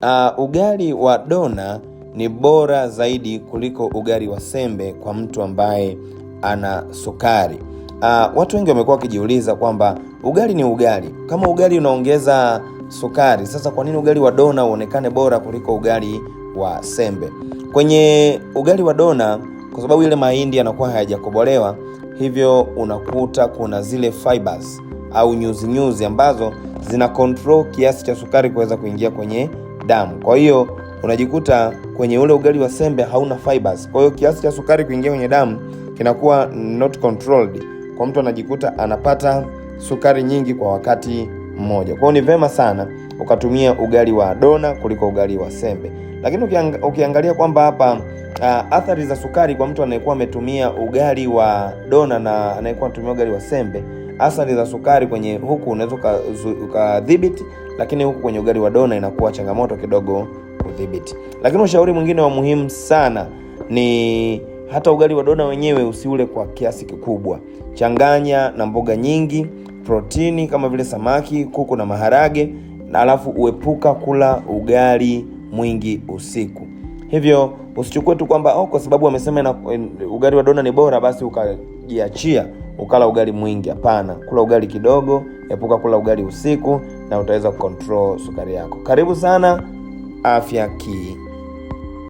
Uh, ugali wa dona ni bora zaidi kuliko ugali wa sembe kwa mtu ambaye ana sukari. Uh, watu wengi wamekuwa wakijiuliza kwamba ugali ni ugali, kama ugali unaongeza sukari, sasa kwa nini ugali wa dona uonekane bora kuliko ugali wa sembe? Kwenye ugali wa dona, kwa sababu ile mahindi yanakuwa hayajakobolewa, hivyo unakuta kuna zile fibers au nyuzinyuzi ambazo zina control kiasi cha sukari kuweza kuingia kwenye damu. Kwa hiyo unajikuta kwenye ule ugali wa sembe hauna fibers. Kwa hiyo kiasi cha sukari kuingia kwenye damu kinakuwa not controlled, kwa mtu anajikuta anapata sukari nyingi kwa wakati mmoja. Kwa hiyo ni vema sana ukatumia ugali wa dona kuliko ugali wa sembe. Lakini ukiangalia kwamba hapa uh, athari za sukari kwa mtu anayekuwa ametumia ugali wa dona na anayekuwa anatumia ugali wa sembe, athari za sukari kwenye huku unaweza ukadhibiti lakini huku kwenye ugali wa dona inakuwa changamoto kidogo kudhibiti. Lakini ushauri mwingine wa muhimu sana ni hata ugali wa dona wenyewe usiule kwa kiasi kikubwa, changanya na mboga nyingi, protini kama vile samaki, kuku na maharage, na alafu uepuka kula ugali mwingi usiku. Hivyo usichukue tu kwamba oh, kwa sababu wamesema ugali wa dona ni bora, basi ukajiachia ukala ugali mwingi. Hapana, kula ugali kidogo, epuka kula ugali usiku, na utaweza kucontrol sukari yako. Karibu sana Afya kii